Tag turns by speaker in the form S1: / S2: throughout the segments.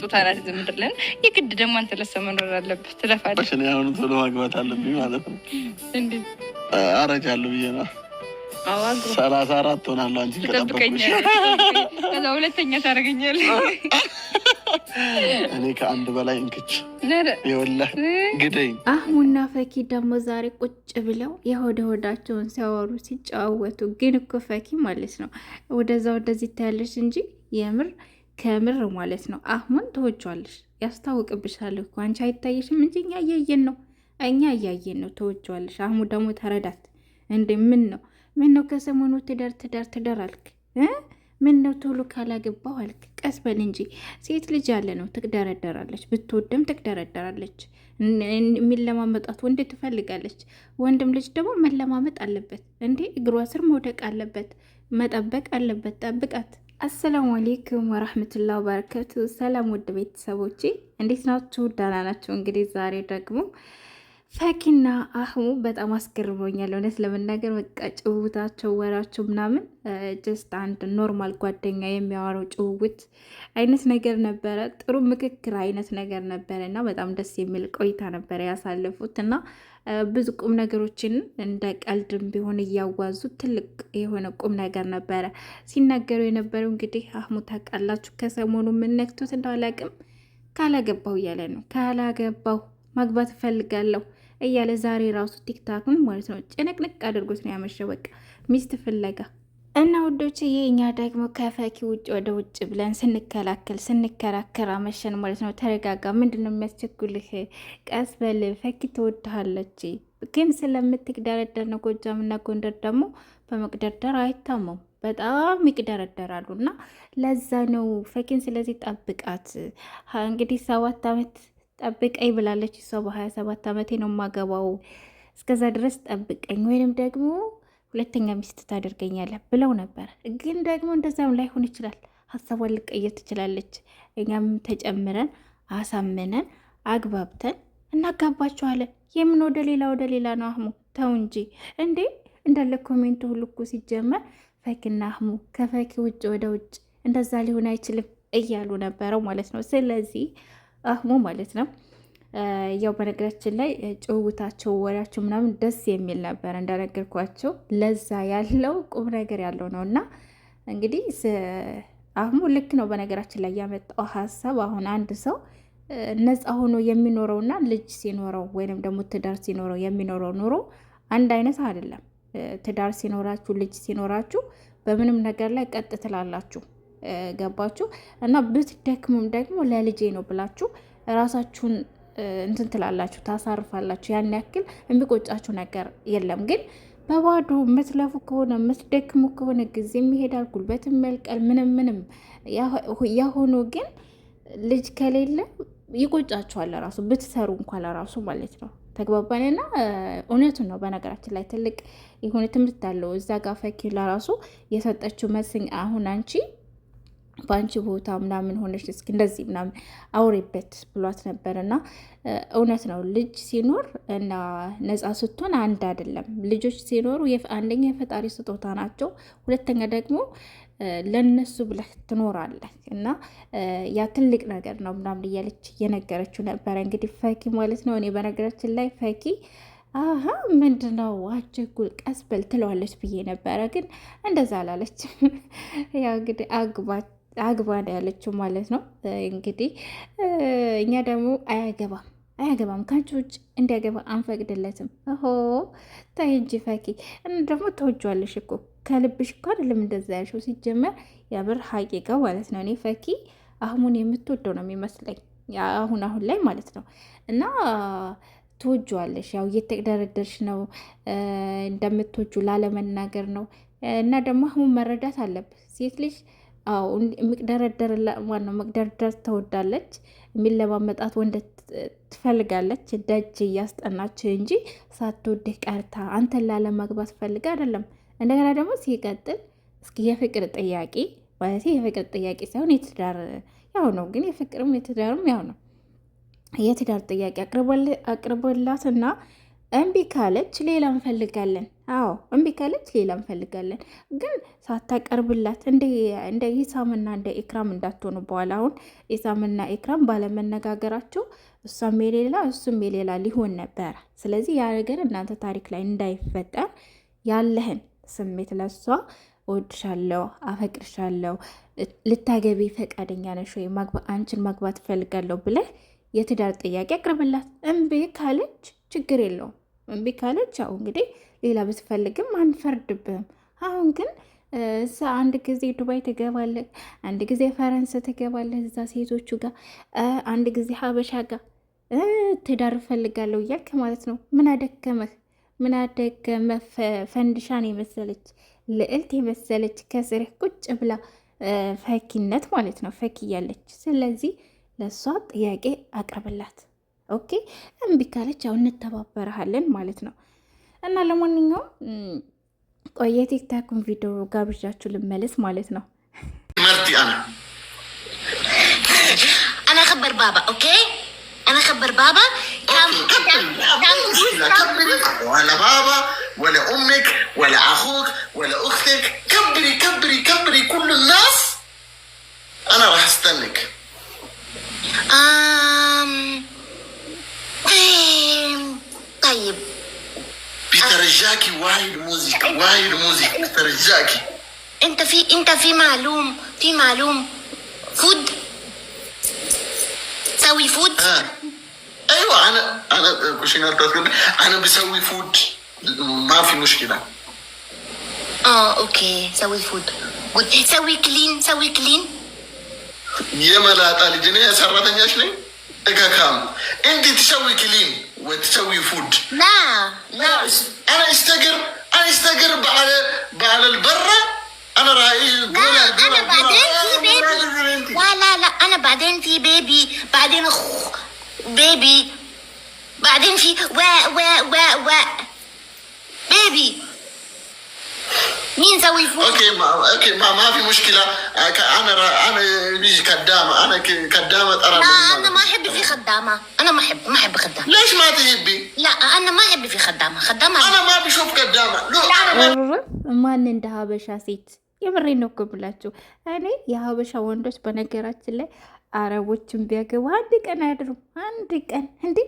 S1: ጡት አላት ምድር የግድ ደግሞ አንተ ለሰው መኖር አለብህ። ትለፋለሽ።
S2: እኔ ቶሎ ማግባት አለብኝ ማለት ነው። እንዴት አረጃለሁ ብዬ ነው። ሰላሳ አራት ሆናለሁ። አንቺ ከጠበቅኩሽ
S1: ሁለተኛ ታደርገኛለህ።
S2: እኔ ከአንድ በላይ እንክች ይኸውልህ ግደኝ።
S1: አህሙና ፈኪ ደግሞ ዛሬ ቁጭ ብለው የሆደ ሆዳቸውን ሲያወሩ ሲጨዋወቱ፣ ግን እኮ ፈኪ ማለት ነው ወደዛ ወደዚህ ታያለች እንጂ የምር ከምር ማለት ነው። አሁን ተወጇዋለሽ፣ ያስታውቅብሻል እኮ አንቺ አይታየሽም እንጂ እኛ እያየን ነው፣ እኛ እያየን ነው። ተወጇዋለሽ። አህሙ ደግሞ ተረዳት እንዴ። ምን ነው ምን ነው ከሰሞኑ ትዳር ትዳር ትዳር አልክ ምን ነው ቶሎ ካላገባው አልክ። ቀስ በል እንጂ ሴት ልጅ ያለ ነው ትቅደረደራለች፣ ብትወድም ትቅደረደራለች። የሚለማመጣት ወንድ ትፈልጋለች። ወንድም ልጅ ደግሞ መለማመጥ አለበት እንዴ፣ እግሯ ስር መውደቅ አለበት፣ መጠበቅ አለበት። ጠብቃት አሰላሙ አሌይኩም ወራህመቱላ ወበረከቱ። ሰላም ውድ ቤተሰቦቼ እንዴት ናችሁ? ደህና ናችሁ? እንግዲህ ዛሬ ደግሞ ፈኪና አህሙ በጣም አስገርሞኛል። እውነት ለመናገር በቃ ጭውውታቸው፣ ወራቸው ምናምን ጀስት አንድ ኖርማል ጓደኛ የሚያወራው ጭውውት አይነት ነገር ነበረ። ጥሩ ምክክር አይነት ነገር ነበረ እና በጣም ደስ የሚል ቆይታ ነበረ ያሳለፉት እና ብዙ ቁም ነገሮችን እንደ ቀልድም ቢሆን እያዋዙ ትልቅ የሆነ ቁም ነገር ነበረ ሲናገሩ የነበረው። እንግዲህ አህሙ ታውቃላችሁ፣ ከሰሞኑ የምነክቶት እንዳላቅም ካላገባው እያለ ነው። ካላገባው ማግባት እፈልጋለሁ እያለ ዛሬ ራሱ ቲክታክም ማለት ነው ጭንቅንቅ አድርጎት ነው ያመሸ። በቃ ሚስት ፍለጋ እና ይሄ እኛ ደግሞ ከፈኪ ውጭ ወደ ውጭ ብለን ስንከላከል ስንከራከር አመሸን ማለት ነው። ተረጋጋ፣ ምንድን ነው የሚያስቸኩልህ? ቀስ በል ፈኪ ትወድሃለች፣ ግን ስለምትቅደረደር ነው። ጎጃም እና ጎንደር ደግሞ በመቅደርደር አይታመም፣ በጣም ይቅደረደራሉ። እና ለዛ ነው ፈኪን፣ ስለዚህ ጠብቃት። እንግዲህ ሰባት ዓመት ጠብቀኝ ብላለች እሷ። በሀያ ሰባት ዓመቴ ነው የማገባው፣ እስከዛ ድረስ ጠብቀኝ ወይንም ደግሞ ሁለተኛ ሚስት ታደርገኛለህ ብለው ነበር። ግን ደግሞ እንደዛም ላይሆን ይችላል፣ ሀሳቧን ልቀየር ትችላለች። እኛም ተጨምረን አሳምነን አግባብተን እናጋባቸዋለን የምን ወደ ሌላ ወደ ሌላ ነው አህሙ፣ ተው እንጂ እንዴ! እንዳለ ኮሜንቱ ሁሉ እኮ ሲጀመር ፈኪና አህሙ ከፈኪ ውጭ ወደ ውጭ እንደዛ ሊሆን አይችልም እያሉ ነበረው ማለት ነው። ስለዚህ አህሙ ማለት ነው ያው በነገራችን ላይ ጭውውታቸው ወሬያቸው ምናምን ደስ የሚል ነበር እንደነገርኳቸው ለዛ ያለው ቁም ነገር ያለው ነው እና እንግዲህ አህሙ ልክ ነው በነገራችን ላይ ያመጣው ሀሳብ አሁን አንድ ሰው ነፃ ሆኖ የሚኖረውና ልጅ ሲኖረው ወይንም ደግሞ ትዳር ሲኖረው የሚኖረው ኑሮ አንድ አይነት አይደለም ትዳር ሲኖራችሁ ልጅ ሲኖራችሁ በምንም ነገር ላይ ቀጥ ትላላችሁ ገባችሁ እና ብትደክሙም ደግሞ ለልጄ ነው ብላችሁ ራሳችሁን እንትን ትላላችሁ፣ ታሳርፋላችሁ። ያን ያክል የሚቆጫችሁ ነገር የለም። ግን በባዶ የምትለፉ ከሆነ የምትደክሙ ከሆነ ጊዜም ይሄዳል፣ ጉልበትም መልቀል ምንም ምንም ያሆኑ ግን ልጅ ከሌለ ይቆጫችኋል። ለራሱ ብትሰሩ እንኳ ለራሱ ማለት ነው። ተግባባንና እውነቱ ነው። በነገራችን ላይ ትልቅ የሆነ ትምህርት አለው እዛ ጋር ፈኪ ለራሱ የሰጠችው መስኝ አሁን አንቺ በአንቺ ቦታ ምናምን ሆነች እስኪ እንደዚህ ምናምን አውሬበት ብሏት ነበር። እና እውነት ነው ልጅ ሲኖር እና ነፃ ስትሆን አንድ አይደለም። ልጆች ሲኖሩ አንደኛ የፈጣሪ ስጦታ ናቸው፣ ሁለተኛ ደግሞ ለነሱ ብለህ ትኖራለህ እና ያ ትልቅ ነገር ነው ምናምን እያለች እየነገረችው ነበረ። እንግዲህ ፈኪ ማለት ነው እኔ በነገራችን ላይ ፈኪ አሀ ምንድን ነው አቸኩል ቀስ በል ትለዋለች ብዬ ነበረ፣ ግን እንደዛ አላለች። ያው እንግዲህ አግባት አግባ ነው ያለችው ማለት ነው። እንግዲህ እኛ ደግሞ አያገባም አያገባም ከአንቺ ውጭ እንዲያገባ አንፈቅድለትም። ሆ ተይ እንጂ ፈኪ እ ደግሞ ተወጇለሽ እኮ ከልብሽ እኮ አይደለም እንደዛ ያልሽው። ሲጀመር የብር ሀቂቃው ማለት ነው እኔ ፈኪ አህሙን የምትወደው ነው የሚመስለኝ አሁን አሁን ላይ ማለት ነው እና ትወጇለሽ ያው እየተደረደርሽ ነው እንደምትወጁ ላለመናገር ነው እና ደግሞ አህሙን መረዳት አለብህ ሴት ልጅ አዎ ምቅደረደርላ ዋናው መቅደርደር ትወዳለች። የሚለማመጣት ወንድ ትፈልጋለች። ደጅ እያስጠናች እንጂ ሳትወድህ ቀርታ አንተን ላለማግባት ፈልግ አይደለም። እንደገና ደግሞ ሲቀጥል እስኪ የፍቅር ጥያቄ ማለት የፍቅር ጥያቄ ሳይሆን የትዳር ያው ነው፣ ግን የፍቅርም የትዳርም ያው ነው። የትዳር ጥያቄ አቅርቦላትና እምቢ ካለች ሌላ እንፈልጋለን። አዎ እምቢ ካለች ሌላ እንፈልጋለን። ግን ሳታቀርብላት እንደ ኢሳምና እንደ ኢክራም እንዳትሆኑ። በኋላ አሁን ኢሳምና ኢክራም ባለመነጋገራቸው እሷም የሌላ እሱም የሌላ ሊሆን ነበረ። ስለዚህ ያ ነገር እናንተ ታሪክ ላይ እንዳይፈጠር ያለህን ስሜት ለሷ እወድሻለሁ፣ አፈቅርሻለሁ፣ ልታገቢ ፈቃደኛ ነሽ ወይ አንቺን ማግባት እፈልጋለሁ ብለህ የትዳር ጥያቄ አቅርብላት። እምቢ ካለች ችግር የለውም። እምቢ ካለች ያው እንግዲህ ሌላ ብትፈልግም አንፈርድብህም። አሁን ግን እዛ አንድ ጊዜ ዱባይ ትገባለህ፣ አንድ ጊዜ ፈረንሳ ትገባለህ፣ እዛ ሴቶቹ ጋር አንድ ጊዜ ሀበሻ ጋር ትዳር እፈልጋለሁ እያልክ ማለት ነው። ምን አደከመህ? ምን አደከመ? ፈንድሻን የመሰለች ልዕልት የመሰለች ከስርህ ቁጭ ብላ ፈኪነት ማለት ነው ፈኪ እያለች። ስለዚህ ለእሷ ጥያቄ አቅርብላት። ኦኬ እምቢ ካለች ያው እንተባበረሃለን ማለት ነው። እና ለማንኛውም ቆይ የቲክታኩን ቪዲዮ ጋብዣችሁ ልመለስ ማለት ነው።
S2: መርቲ አና አና ከበር ባባ ኦኬ አና ከበር ባባ ባባ ወለ ኡምክ ወለ አኹክ ወለ ኡክትክ ከብሪ ከብሪ ከብሪ ኩሉ ናስ አና ራህ አስተንክ ترجاكي وايد موزيك وايد موزيك ترجاكي
S1: انت في انت في معلوم في معلوم فود تسوي فود آه.
S2: ايوه انا انا كوشينات انا بسوي فود ما في مشكله
S1: اه اوكي سوي فود سوي كلين سوي كلين
S2: يا ملا طالجني يا سرتني اشلي اكاكام انت تسوي كلين وتسوي فود
S1: لا لا
S2: انا استقر انا استقر على على البرة انا رايح إيه،
S1: لا انا بعدين في بيبي لا لا لا انا بعدين في بيبي بعدين اخ بيبي بعدين في و و و و ማን እንደ ሀበሻ ሴት የምሬ ነው ብላችሁ እኔ የሀበሻ ወንዶች በነገራችን ላይ አረቦችን ቢያገቡ አንድ ቀን አያድሩም። አንድ ቀን እንዴ!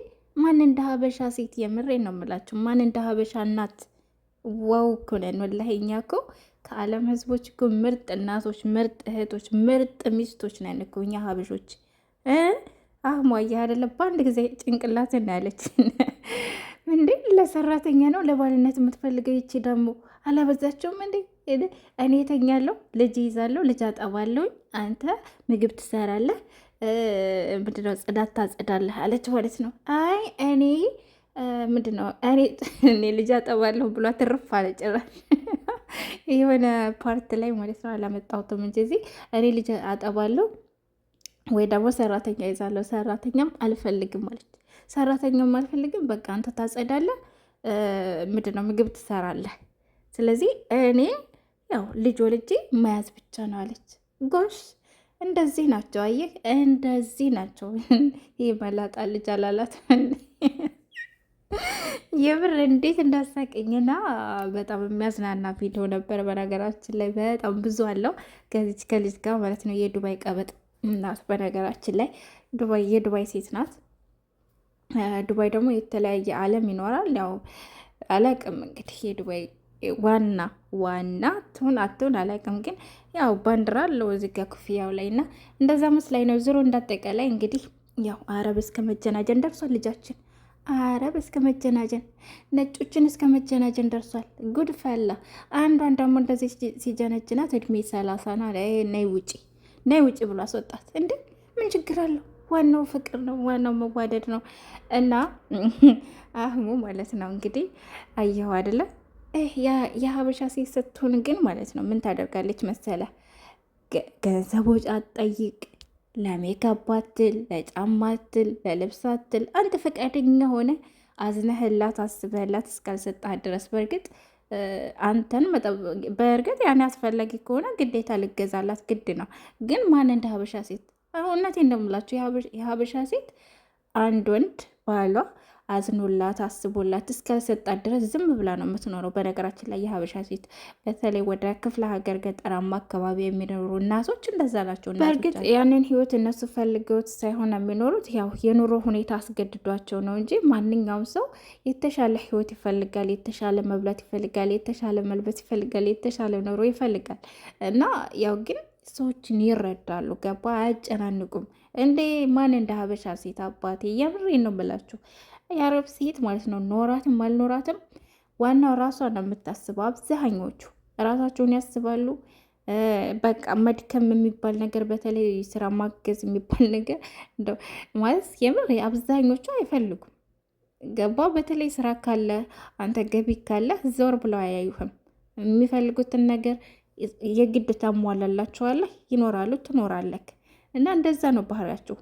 S1: ማን እንደ ሀበሻ ሴት የምሬ ነው የምላችሁ። ማን እንደ ሀበሻ እናት ዋው እኮ ነን ወላሂ። እኛ እኮ ከዓለም ህዝቦች እኮ ምርጥ እናቶች፣ ምርጥ እህቶች፣ ምርጥ ሚስቶች ነን እኮ እኛ ሀበሾች። አህሟያ አይደለ በአንድ ጊዜ ጭንቅላት እናያለች። እንዴ ለሰራተኛ ነው ለባልነት የምትፈልገው ይቺ ደግሞ አላበዛቸውም እንዴ? እኔ ተኛለሁ፣ ልጅ ይዛለሁ፣ ልጅ አጠባለሁኝ፣ አንተ ምግብ ትሰራለህ፣ ምንድነው ጽዳት ታጽዳለህ አለች ማለት ነው። አይ እኔ ምንድን ነው እኔ ልጅ አጠባለሁ ብሎ ትርፍ አለ። ጭራሽ የሆነ ፓርት ላይ ማለት ነው አላመጣሁትም እንጂ እዚህ እኔ ልጅ አጠባለሁ ወይ ደግሞ ሰራተኛ ይዛለሁ። ሰራተኛም አልፈልግም ማለት ሰራተኛም አልፈልግም። በቃ አንተ ታጸዳለህ፣ ምንድን ነው ምግብ ትሰራለህ። ስለዚህ እኔ ያው ልጅ ወልጄ መያዝ ብቻ ነው አለች። ጎሽ እንደዚህ ናቸው። አየህ፣ እንደዚህ ናቸው። ይህ መላጣ ልጅ አላላት የብር እንዴት እንዳሳቀኝና በጣም የሚያዝናና ቪዲዮ ነበር። በነገራችን ላይ በጣም ብዙ አለው ከዚች ከልጅ ጋር ማለት ነው። የዱባይ ቀበጥ ናት። በነገራችን ላይ ዱባይ የዱባይ ሴት ናት። ዱባይ ደግሞ የተለያየ ዓለም ይኖራል። ያው አላቅም እንግዲህ የዱባይ ዋና ዋና ትሁን አትሁን አላቅም፣ ግን ያው ባንዲራ አለው እዚህ ጋ ክፍያው ላይ እና እንደዛ መስላኝ ነው። ዞሮ እንዳጠቃላይ እንግዲህ ያው አረብ እስከ መጀናጀን ደርሷል ልጃችን። አረብ እስከ መጀናጀን ነጮችን እስከ መጀናጀን ደርሷል። ጉድ ፈላ። አንዷን ደግሞ እንደዚህ ሲጀነጅናት እድሜ ሰላሳ ና ናይ ውጪ ናይ ውጪ ብሎ አስወጣት። እንዴ ምን ችግር አለው? ዋናው ፍቅር ነው፣ ዋናው መዋደድ ነው። እና አህሙ ማለት ነው እንግዲህ አየሁ አደለ? የሀበሻ ሴት ስትሆን ግን ማለት ነው ምን ታደርጋለች መሰለ ገንዘቦች አጠይቅ? ለሜካፕ አትል፣ ለጫማ አትል፣ ለልብስ አትል። አንተ ፈቃደኛ ሆነ አዝነህላት አስበህላት እስካልሰጣት ድረስ በእርግጥ አንተን በእርግጥ ያን አስፈላጊ ከሆነ ግዴታ ልገዛላት ግድ ነው። ግን ማን እንደ ሀበሻ ሴት እውነቴን እንደምላቸው የሀበሻ ሴት አንድ ወንድ ባሏ አዝኖላት አስቦላት እስከሰጣት ድረስ ዝም ብላ ነው የምትኖረው። በነገራችን ላይ የሀበሻ ሴት በተለይ ወደ ክፍለ ሀገር ገጠራማ አካባቢ የሚኖሩ እናቶች እንደዛ ናቸው። በእርግጥ ያንን ህይወት እነሱ ፈልገውት ሳይሆን የሚኖሩት ያው የኑሮ ሁኔታ አስገድዷቸው ነው እንጂ ማንኛውም ሰው የተሻለ ህይወት ይፈልጋል፣ የተሻለ መብላት ይፈልጋል፣ የተሻለ መልበስ ይፈልጋል፣ የተሻለ ኑሮ ይፈልጋል እና ያው ግን ሰዎችን ይረዳሉ። ገባ? አያጨናንቁም። እንዴ ማን እንደ ሀበሻ ሴት አባቴ፣ የምሬ ነው ምላችሁ የአረብ ሴት ማለት ነው። ኖራትም አልኖራትም ዋናው ራሷ ነው የምታስበው። አብዛኞቹ ራሳቸውን ያስባሉ። በቃ መድከም የሚባል ነገር በተለይ ስራ ማገዝ የሚባል ነገር እንደው ማለት የምር አብዛኞቹ አይፈልጉም። ገባ በተለይ ስራ ካለ አንተ ገቢ ካለ ዘወር ብለው አያዩህም። የሚፈልጉትን ነገር የግድ ታሟላላችኋለህ፣ ይኖራሉ፣ ትኖራለክ እና እንደዛ ነው ባህሪያቸው።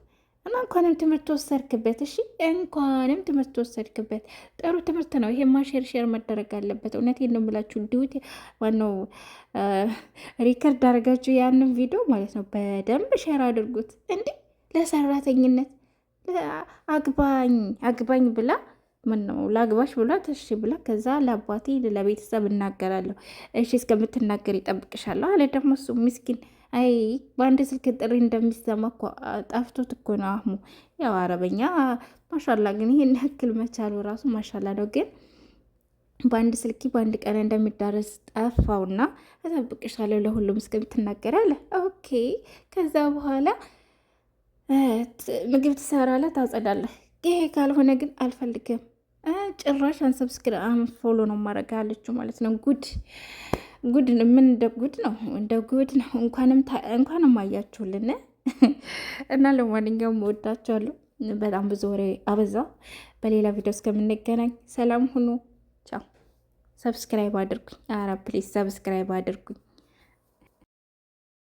S1: እና እንኳንም ትምህርት ወሰድክበት። እሺ እንኳንም ትምህርት ወሰድክበት። ጥሩ ትምህርት ነው ይሄ። ማሸርሸር መደረግ አለበት። እውነቴን ነው የምላችሁ። ዲዩቲ ዋናው ሪከርድ አድርጋችሁ ያንን ቪዲዮ ማለት ነው በደንብ ሼር አድርጉት። እንዲ ለሰራተኝነት አግባኝ አግባኝ ብላ ምን ነው ለአግባሽ ብላ እሺ ብላ ከዛ ለአባቴ ለቤተሰብ እናገራለሁ። እሺ እስከምትናገር ይጠብቅሻለሁ አለ ደግሞ እሱ ምስኪን አይ በአንድ ስልክ ጥሪ እንደሚሰማ እኮ ጠፍቶት እኮ ነው አህሙ። ያው አረበኛ ማሻላ፣ ግን ይሄን ያክል መቻሉ ራሱ ማሻላ ነው። ግን በአንድ ስልኪ በአንድ ቀን እንደሚዳረስ ጠፋውና እጠብቅሻለሁ ለሁሉም እስከምትናገር አለ። ኦኬ። ከዛ በኋላ ምግብ ትሰራለህ፣ ታጸዳለህ። ይሄ ካልሆነ ግን አልፈልግም ጭራሽ አንሰብስክራ ፎሎ ነው ማድረግ አለችው ማለት ነው ጉድ ጉድ ምን እንደ ጉድ ነው እንደ ጉድ ነው። እንኳንም አያችሁልን እና ለማንኛውም ወዳችኋለሁ። በጣም ብዙ ወሬ አበዛ። በሌላ ቪዲዮ እስከምንገናኝ ሰላም ሁኑ። ቻው። ሰብስክራይብ አድርጉኝ። ኧረ ፕሊዝ ሰብስክራይብ አድርጉኝ።